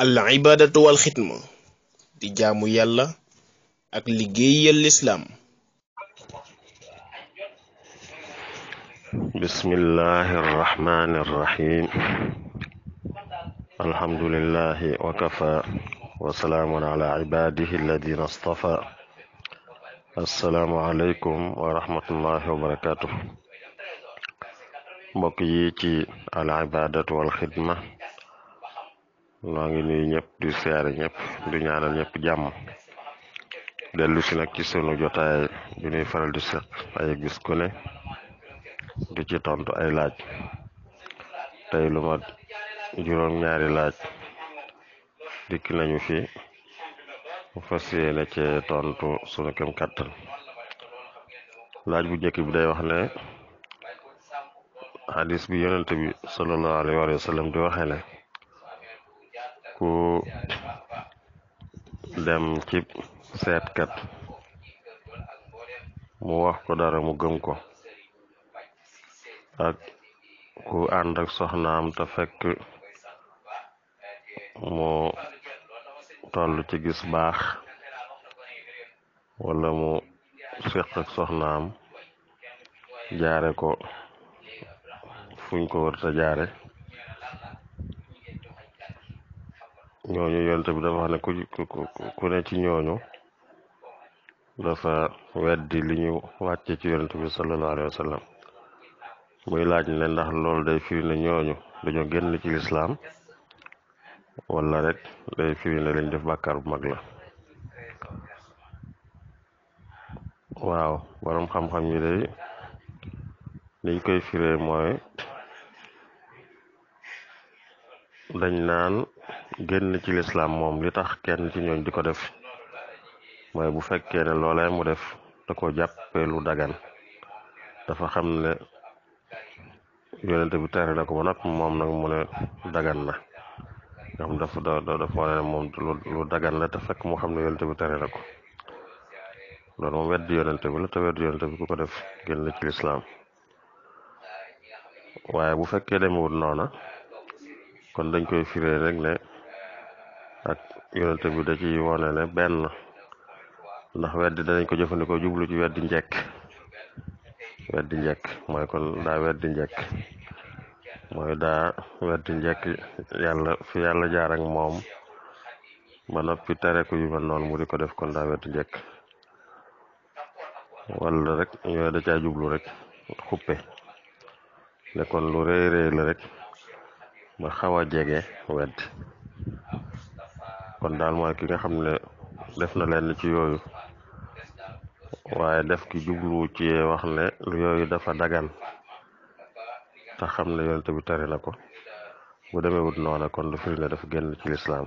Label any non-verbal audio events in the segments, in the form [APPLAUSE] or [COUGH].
العبادة والخدمه دي جامو يالا اك لغي الاسلام بسم الله الرحمن الرحيم الحمد لله وكفى وسلام على عباده الذين اصطفى السلام عليكم ورحمة الله وبركاته بقيتي العبادة والخدمة noo ngi nuyu ñëpp di siyaare ñëpp du ñaanal ñëpp jàmm dellu si nag ci sunu jotaay bi ñuy faral di seq ay gis ko ne di ci tontu ay laaj tey lu mat juróom-ñaari laaj dikk nañu fi fas yéene ci tontu sunu kem kàttan laaj bu njëkk bi day wax ne hadis bi yonent bi sallallahu alayhi wa sallam di waxee ne ku dem ci seetkat mu wax ko dara mu gëm ko ak ku ànd ak soxnaam te fekk mu toll ci gis baax wala mu siq ak soxnaam jaare ko fuñ ko warta jaare ñooñu yonte bi dama xane ku ne ci ñooñu dafa weddi li ñu wàcce ci yonte bi salallahu alehi wasallam muy laaj ne ndax loolu day firi ne ñooñu dañu génn ci lislaam wala rek day firi ne lañ def bàkkaar bu mag la waaw borom xam-xam yi day dañ koy firee mooy dañ naan génn ci lislaam moom li tax kenn ci ñooñ di ko def mooy bu fekkee ne loolee mu def da ko jàppee lu dagan dafa xam ne yonente bi tere na ko ba nag moom nag mu ne dagan na nga xam dafa da dafa wane ne moom lu dagan la te fekk mu xam ne yonente bi tere na ko loolu moom weddi yonente bi la te weddi yonente bi ku ko def génn ci lislaam waaye bu fekkee demewut noona kon dañ koy firee rek ne ak yonente bi da ciy wone ne benn ndax weddi danañ ko jëfandikoo jublu ci weddi njekk weddi njekk mooy kon daa weddi njekk mooy daa weddi njekk yàlla fi yàlla jaar ak moom ba noppi tere ko yu mu di ko def kon daa weddi njekk wala rek yooyu da caa jublu rek xuppe ne lu rëy rëy la rek ma xaw a jege wet kon daal mooy ki nga xam ne def na leen lenn ci yooyu waaye def ki jublu ci wax ne lu yooyu dafa dagan te xam ne yonent bi tere na ko bu deme wut noona kon lu firi ne dafa génn ci lislaam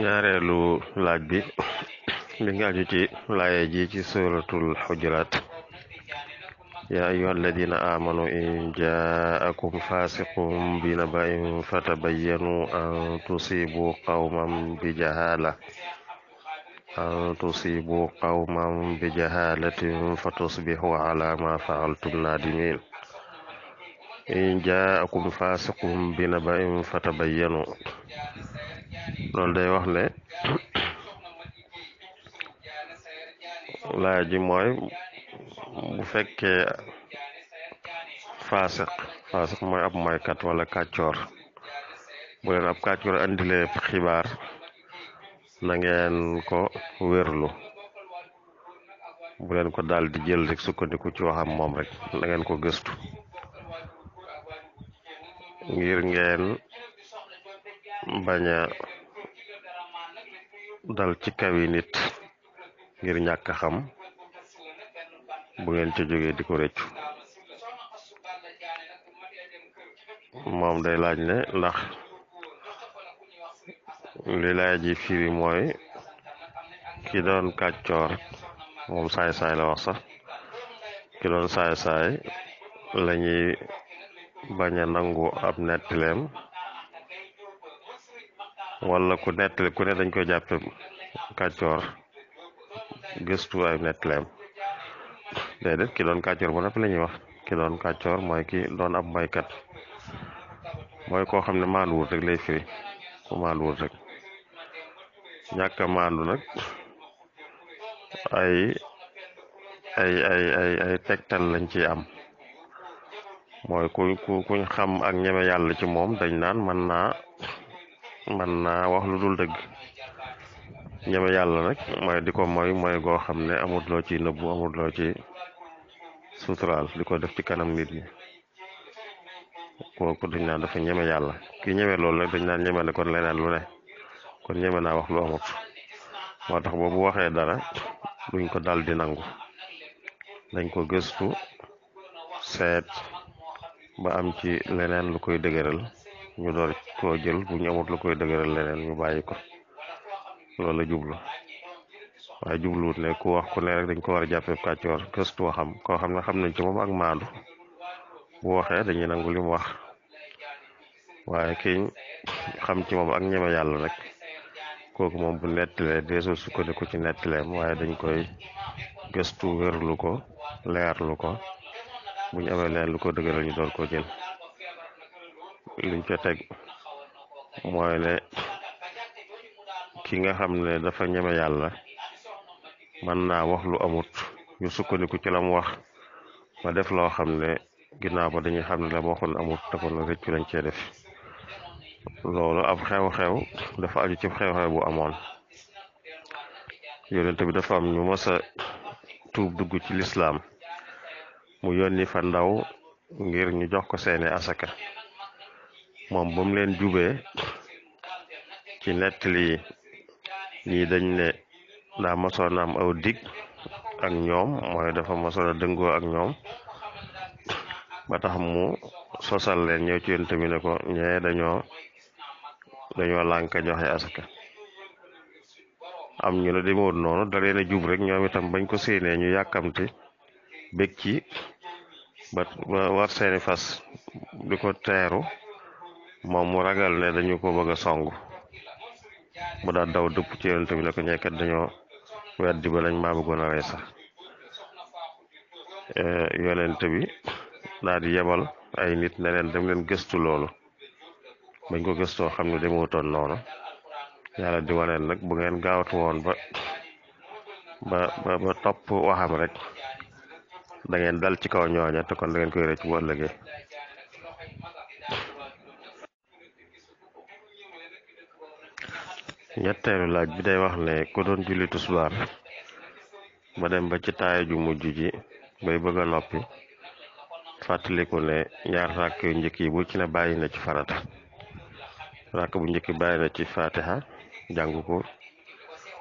ñaareelu laaj bi من عجتي لا يجيتي سورة الحجرات يا أيها الذين آمنوا إن جاءكم فاسق بنبأ فتبينوا أن تصيبوا قوما بجهالة أن تصيبوا قوما بجهالة فتصبحوا على ما فعلتم نادمين إن جاءكم فاسق بنبأ فتبينوا لول داي واخني laaj ji mooy bu fekkee faasiq faasiq mooy ab moykat wala kàccoor bu leen ab kàccoor andilee xibaar na ko wérlu bu leen ko daal di jël rek sukkandiku ci waxam moom rek nangeen ko gëstu ngir ngeen bañ dal ci kawi nit ngir ñàkk xam bu ngeen ci jógee di ko rëccu moom day laaj ne ndax li laay ji firi mooy ki doon kàccoor moom saay-saay la wax sax ki doon saay-saay la ñuy bañ a nangu ab nettileem wala ku nettali ku ne dañ koy jàppe kàccoor gëstuwaay nettaleem déedéet ki doon kàccoor ba noppi la ñuy wax ki doon kàccoor mooy ki doon ab mooykat mooy koo xam ne maanduwut rek lay firi ku maanduwut rek ñàkk a maandu nag ay ay ay ay ay tegtal lañ ci am mooy ku ku kuñ xam ak ñeme yàlla ci moom dañ naan mën naa mën naa wax lu dul dëgg ñeme yàlla nag mooy di ko mooy mooy goo xam ne amut loo ci nëbbu amut loo ci suturaal di ko def ci kanam nit ñi kooku dañ naan dafa ñeme yàlla ki ñeme loolu nag dañ naan ñeme ne kon ne kon ñeme naa wax lu amut moo tax boobu waxe dara duñ ko dal di nangu dañ ko gëstu seet ba am ci leneen lu koy dëgëral ñu door ko jël bu amut lu koy dëgëral leneen ñu bàyyi ko loolu la jublu waaye jubluwut ne ku wax ku ne rek dañ ko war a jàppee kàccoor gëstu waxam koo xam ne xam nañ ci moom ak maandu bu waxee dañuy nangu li wax waaye ki xam ci moom ak ñeme yàlla rek kooku moom bu nettalee deesul sukkandiku ci nettaleem waaye dañ koy gëstu wérlu ko leerlu ko buñu amee leen lu ko dëgëral ñu door ko jël luñ ca teg mooy kii nga xam ne dafa ñeme yàlla mën naa wax lu amut ñu sukkandiku ci lam wax ba def loo xam ne ginnaaw ba dañuy xam ne la waxoon amut te kon rëccu lañ cee def loolu ab xew-xew dafa aju ci xew-xew bu amoon yonent bi dafa am ñu mës a tuub dugg ci lislaam mu yónni fa ndaw ngir ñu jox ko seeni asaka moom ba leen jubee ci nettali ñii dañ ne daa mosoon am aw dig ak ñoom mooy dafa mosoon dëngoo ak ñoom ba tax mu sosal leen ñëw ci yéen tamit ne ko ñee dañoo dañoo lànk joxe am ñu ne demoon noonu da leen a jub rek ñoom itam bañ ko séenee ñu yàkkamti bég ci ba war seeni fas di ko teeru moom mu ragal ne dañu ko bëgg a song mu daal daw dëpp ci yonente bi ne ko ñeekat dañoo weddi ba lañ maa bëggoon a rey sax e, yonente bi daal di yebal ay nit ne leen dem leen gëstu loolu bañ ko gëstoo xam ne demewutoon noonu yàlla di waneen nag bu ngeen gaawatu woon ba ba ba ba topp waxam rek da ngeen dal ci kaw ñooña te kon da ngeen koy rëcc bu ëllëgee ñetteelu laaj bi day wax ne ku doon julli tusbaar ba dem ba ci taaya ju mujj ji bay bëgg a noppi fàttaliku ne ñaar rakk yu njëkk yi bu ci ne bàyyi na ci farata rakk bu njëkk bàyyi na ci fatiha jàngu ko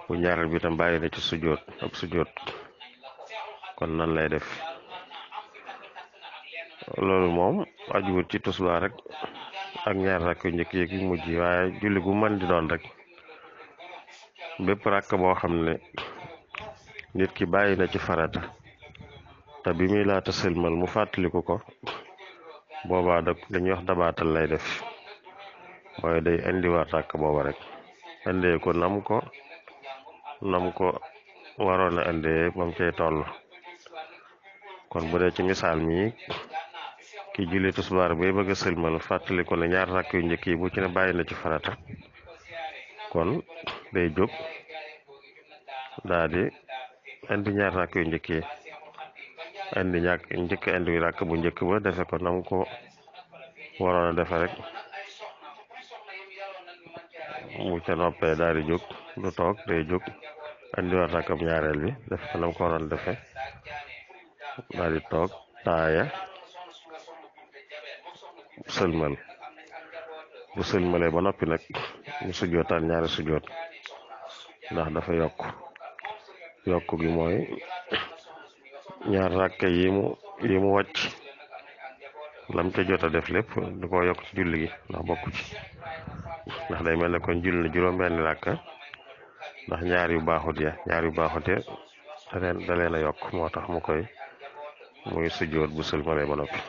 bu ñaaral bi tam bàyyi na ci sujjóot ak sujjóot kon nan lay def loolu moom aju ci tusbaar rek ak ñaar rakk yu njëkk yi ki mujj waaye julli gu mën di doon rek bépp rakk boo xam ne nit ki bàyyi na ci farata te bi muy laata sëlmal mu fàttaliku ko boobaa da dañuy wax dabaatal lay def mooy day indiwaat ràkk booba rek indee ko nam ko nam ko waroon a indee bam cay toll kon bu de ci misaal mi ki julli tusbaar bay bëgg a sëlmal fàttaliku ne ñaar ràkk yu njëkk bu ci ne bàyyi na ci farata kon day jóg daa di ñaar rakk yu njëkk yi indi ñàkk njëkk indi bu njëkk ba defe ko nam ko waroon defe rek mu ca noppee daal di jóg du toog day jóg indi war rakk bu ñaareel bi def ko nam ko waroon defe daal toog taaya sëlmal bu sëlmalee ba noppi nag ñu sujjootaan ñaari sujjoot ndax dafa yokk yokk gi mooy ñaar ràkka yi mu wacc lam ca jot a def lépp da ko yokk ci julli gi ndax bokku ci ndax day mel ne kon julli na juróom-benni ràkka ndax ñaar yu baaxut ya ñaar yu baaxute da leen leen a yokk moo tax mu koy muy sujjoot bu sëlmalee ba noppi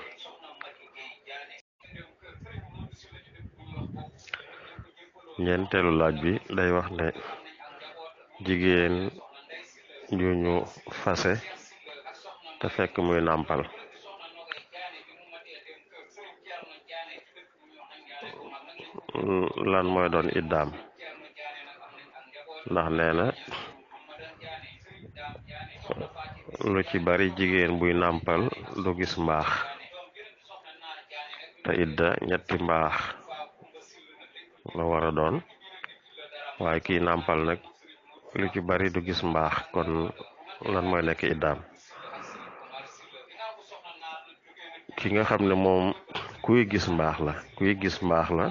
ñentelu laaj bi day wax ne jigéen ñu ñu fase te fekk muy nampal lan moy doon iddaam ndax nee jigen lu ci bari jigéen buy nampal du gis mbaax te idda ñetti mbaax la war doon waaye kii nàmpal nag lu ci bari du gis mbaax kon lan mooy nekk iddaam ki nga xam ne moom kuy gis mbaax la kuy gis mbaax la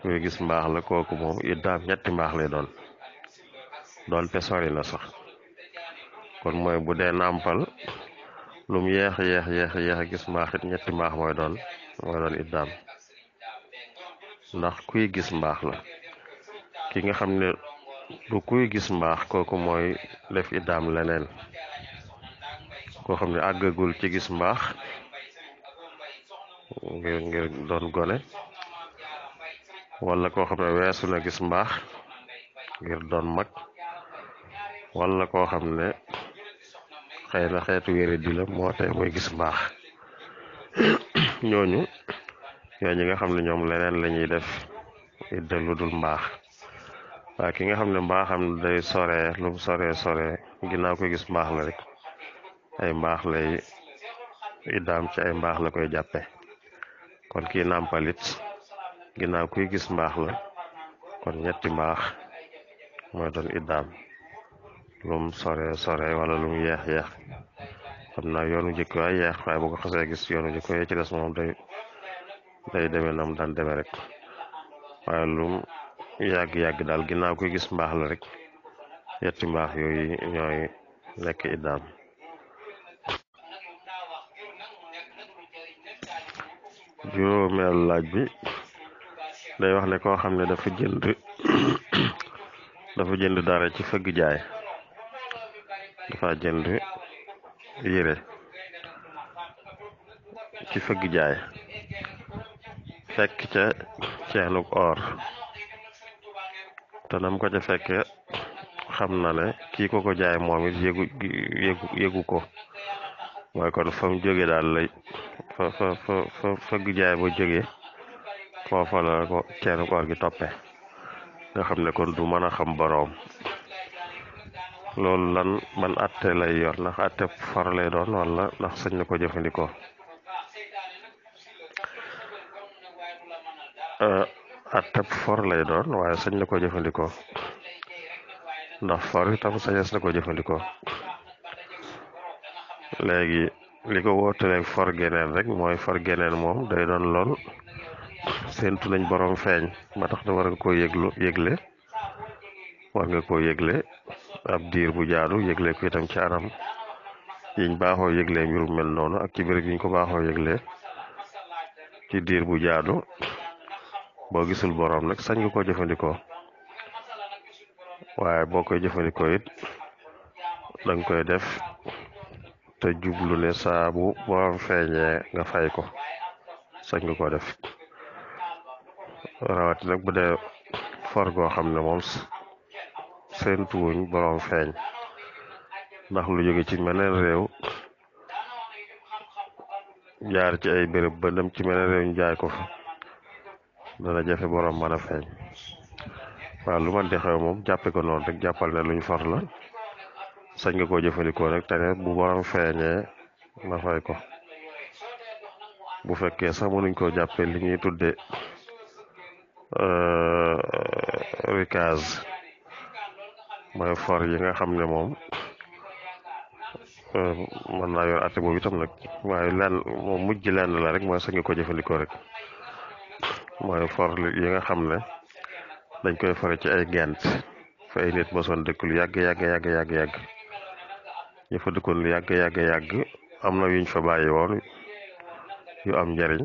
kuy gis mbaax la kooku moom iddaam ñetti mbaax lay doon doon te na sax kon mooy bu dee nàmpal lum yeex yeex yeex yeex a gis mbaax it ñetti mbaax mooy doon mooy doon iddaam ndax kuy gis mbaax la ki nga xam ne du kuy gis mbaax kooku mooy def iddaam leneen koo xam ne àggagul ci gis mbaax ngir ngir gone wala koo xam ne weesu na gis mbaax ngir doon mag wala koo xam ne xëy na xeetu wéere di moo tey mooy gis mbaax [COUGHS] ñooñu ñoo ñi nga xamne ñoom leneen lañuy def de lu mbax wa ki nga xamne mbax mbaaxam day sore lu sore sore ginaaw koy gis mbax la rek ay mbax lay idam ci ay mbax la koy jappé kon ki nampalit ginaaw koy gis mbax la kon ñetti mbax mooy doon idam lum sore sore wala lum yeex yeex xam yoonu jikko ay yeex waaye bu ko xasse gis yoonu jikko yee ya ci dess mom day day deme noom dan deme rek waaye lum yàgg-yàgg daal ginnaaw koy gis mbaax la rek yetti mbaax yooyu ñooy lekk iddaam juróomeel laaj bi day wax ne koo xam ne dafa jënd [COUGHS] dafa jënd dara ci fëgg jaay dafa jënd yére ci fëgg jaay fekk ca ceenug or te nam ko ca fekk xam na ne kii ko ko jaay moom it yëgu ko mooy kon fa mu jóge daal lay fa fa fa jaay ba jóge foofa ko ceenug or gi toppe nga xam ne kon du mën a xam boroom loolu lan man atte lay yor ndax atte far lay doon wala ndax sañ na ko jëfandikoo Euh, a tab for lay doon waaye sañ na ko jëfandikoo ndax for itam sañes na ko jëfandikoo léegi li ko wootaleeg for geneen rek mooy for geneen moom day doon lool séentu nañ borom feeñ ba tax na war nga koo yëglu yëgle war nga koo yëgle ab diir bu jaadu yëgle ko itam ci anam yiñ baaxoo yëgle mbirum mel noonu ak ci béréb yiñ ko baaxoo yëgle ci diir bu jaadu boo gisul boroom nag sañ nga koo jëfandikoo waaye boo koy jëfandikoo it danga koy def te jublu ne saabu boroom feeñee nga fay ko sañ nga koo def rawati nag bu dee for goo xam ne moom seentuwuñ boroom feeñ ndax lu jóge ci meneen réew jaar ci ay béréb ba dem ci meneen réew ñu jaay ko fa dana jafe borom mën a feeñ waaw lu man di moom jàppe ko noonu rek jàppal ne luñ far la sañ nga koo jëfandikoo rek te ne bu borom feeñee nga fay ko bu fekkee sax mënuñ koo jàppee li ñuy tudde euh, rikaz mooy for yi nga xam ne moom euh, mën naa yor atte boobu itam nag waaye lenn moom mujj lenn la rek mooy sañ nga koo jëfandikoo rek mooy for yi nga xam ne dañ koy fore ci ay gent fa ay nit mosoon dëkk lu yàgg yàgg yàgg yàgg yàgg ñu lu yàgg yàgg yàgg am na yuñ fa bàyyi woon yu am njariñ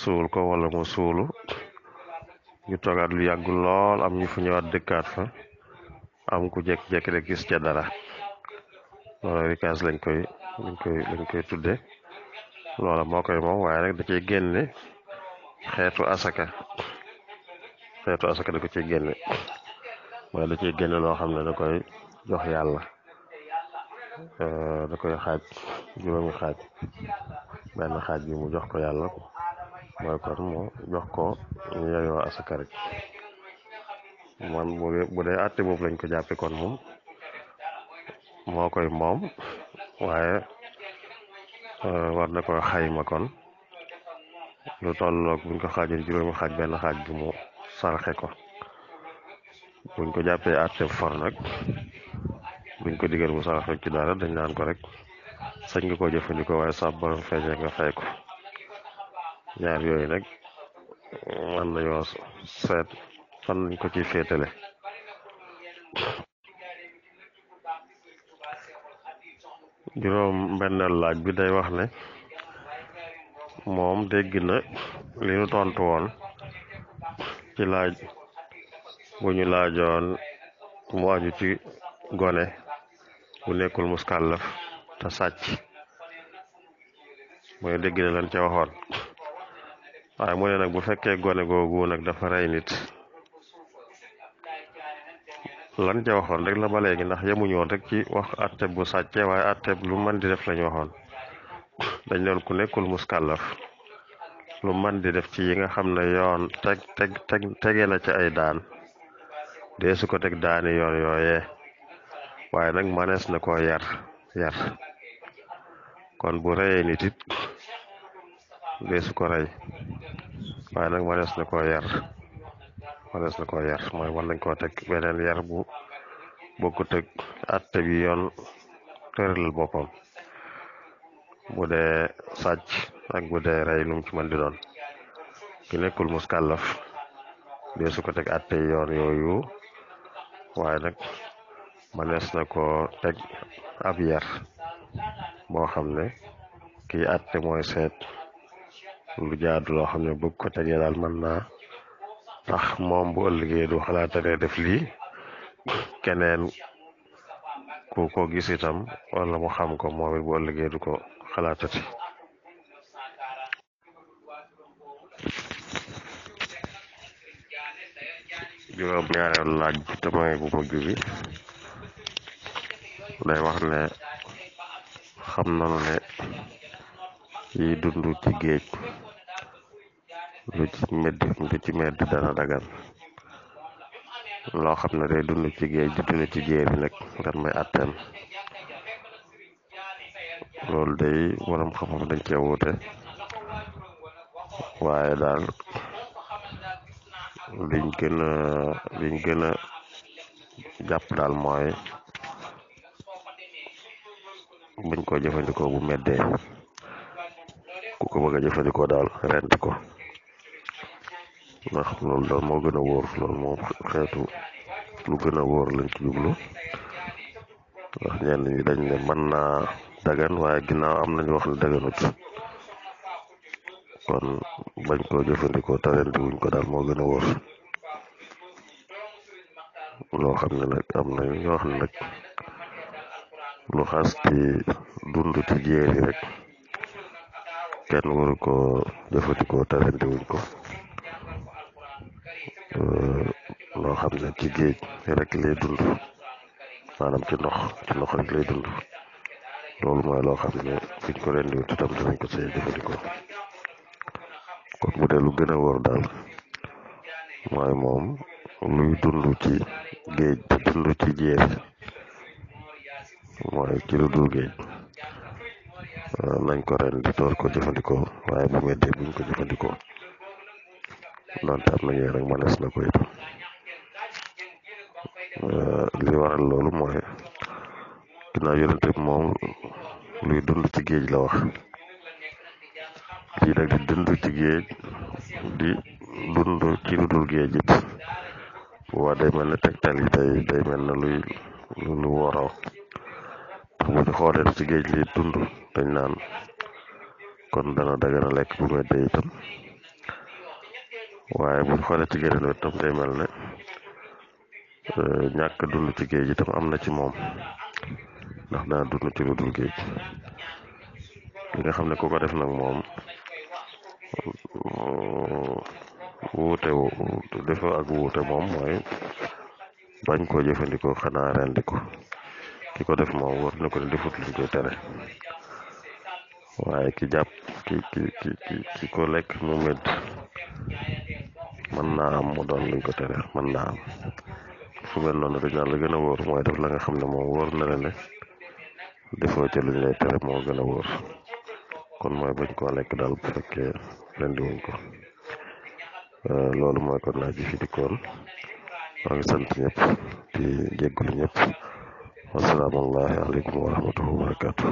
suul ko wala moo suulu ñu toogaat lu yàgg lool am ñu fa ñëwaat dëkkaat fa am ku jekk-jekk rek gis ca dara loolu rikaas lañ koy lañ koy lañ koy tudde loola moo koy moom waaye nag da cay génne xeetu asaka xeetu ci da ko ciy génne da ciy génne loo xam ne da koy jox yàlla eh, da koy xaaj juróomi xaaj benn xaaj bi mu jox ko yàlla mooy kon mu jox ko ñu asaka rek moom bu dee àtte boobu lañ ko jàppe kon moom moo koy mom waaye eh, war na ko xayma kon lu tolloog buñ ko xaajoon juróomi xaaj benn xaaj bi mu saraxe ko buñ ko jàppee àtteeb for nag buñ ko digal mu saraxe ci dara dañ naan ko rek sañ nga koo jëfandikoo waaye sa borom feeñee nga fay ko ñaar yooyu nag mën nañoo seet fan ko ci féetale juróom benneel laaj bi day wax ne moom dégg na li ñu tontu woon ci laaj bu ñu laajoon mu aju ci gone bu nekkul muskàllaf te sàcc mooy dégg na lan waxoon waaye mu ne nag bu fekkee gone googu nag dafa rey nit lan ca waxoon rek la ba léegi ndax yemuñu woon rek ci wax atteb bu sàcce waaye atteb lu mën di def lañu waxoon dañ doon ku nekkul muskàllaf lu man di def ci yi nga xam ne yoon teg teg teg tege na ci ay daan dee su ko teg daani yoon yooyee waaye nag manees na koo yar yar kon bu reyee nit it dee su ko rey waaye nag manees na koo yar manees na koo yar mooy war nañ koo teg beneen yar bu bokkut ak atte bi yoon tëralal boppam bu dee sàcc ak bu dee rey lu mu ci mën di doon ki nekkul muskàllaf dee su ko teg àtte yoon yooyu waaye nag manees na ko teg ab yar boo xam ne kii àtte mooy seet lu jaadu loo xam ne bëgg ko tegee daal mën na tax moom bo ëllëgee du xalaata def lii keneen ku ko gis itam wala mu xam ko moom it bu ko xalaatati juróom ñaareelu laaj bi mooy bu mujj bi day wax ne xam nanu ne yi dund ci géej lu ci medd lu ci medd dana dagan loo xam ne day dund ci géej di ci jéeri nag ngan may atteem loolu day waram xam-xam dañ cee wuute waaye daal liñ gën a jàpp daal mooy buñ ko jëfandikoo bu meddee ku ko bëgg a jëfandikoo daal rent ko ndax loolu daal moo gën a wóor loolu moom xeetu lu gën a wóor lañ ci jublu ndax ñenn ñi dañ ne mën naa dagan waaye ginnaaw am nañu wax ne daganut kon bañ koo jëfandikoo tarenti wuñ ko daal moo gën a wóor loo xam ne nag am na ñoo xam ne nag lu xas ci dund ci jéeri rek kenn waru ko jëfandikoo tarenti wuñ ko loo xam ne ci géej rek lay dund maanaam ci ndox ci ndox rek lay dund loolu mooy loo xam ne fiñ ko leen di tam dinañ ko see kon mu dee lu gën a wóor daal mooy moom luy dund ci géej di dund ci jeeri mooy ci lu dul géej euh, nañ ko ren di door ko jëfandikoo waaye bu meddee buñ jëfandikoo donte am nañu rek mënees na ko itam euh, li waral loolu mooy ginnaaw yonente bi moom luy dund ci géej la wax lii nag di dund ci géej di dund ci lu dul waa day mel ne tegtal yi day day mel ne luy lu woroo ndax bu ñu xoolee ci géej li dund dañ naan kon dana dagana lekk bu meddee itam waaye bu ñu xoolee ci géneen wet tam day ne eh, ñàkk dund ci géej itam am na ci moom ndax dana dund ci lu dul nga xam ne ku ko def nag moom wuute defa ak wuute moom mooy bañ koo jëfandikoo xanaa rendi ko ki ko def moom war na ko ne defut tere waaye ki jàpp ki ki lekk mu medd naa am mu doon luñ ko tere mën naa am fu mel noonu dañ gën a wóor mooy def la nga xam ne moom wóor na la ne ca luñ lay tere moo gën a wóor kon mooy bañ koo lekk daal bu fekkee rendi wuñ ko euh, loolu mooy kon laaj bi fi dikkoon maa ngi sant ñëpp di jégalu ñëpp wasalaamaaleykum wa wa barakaatu.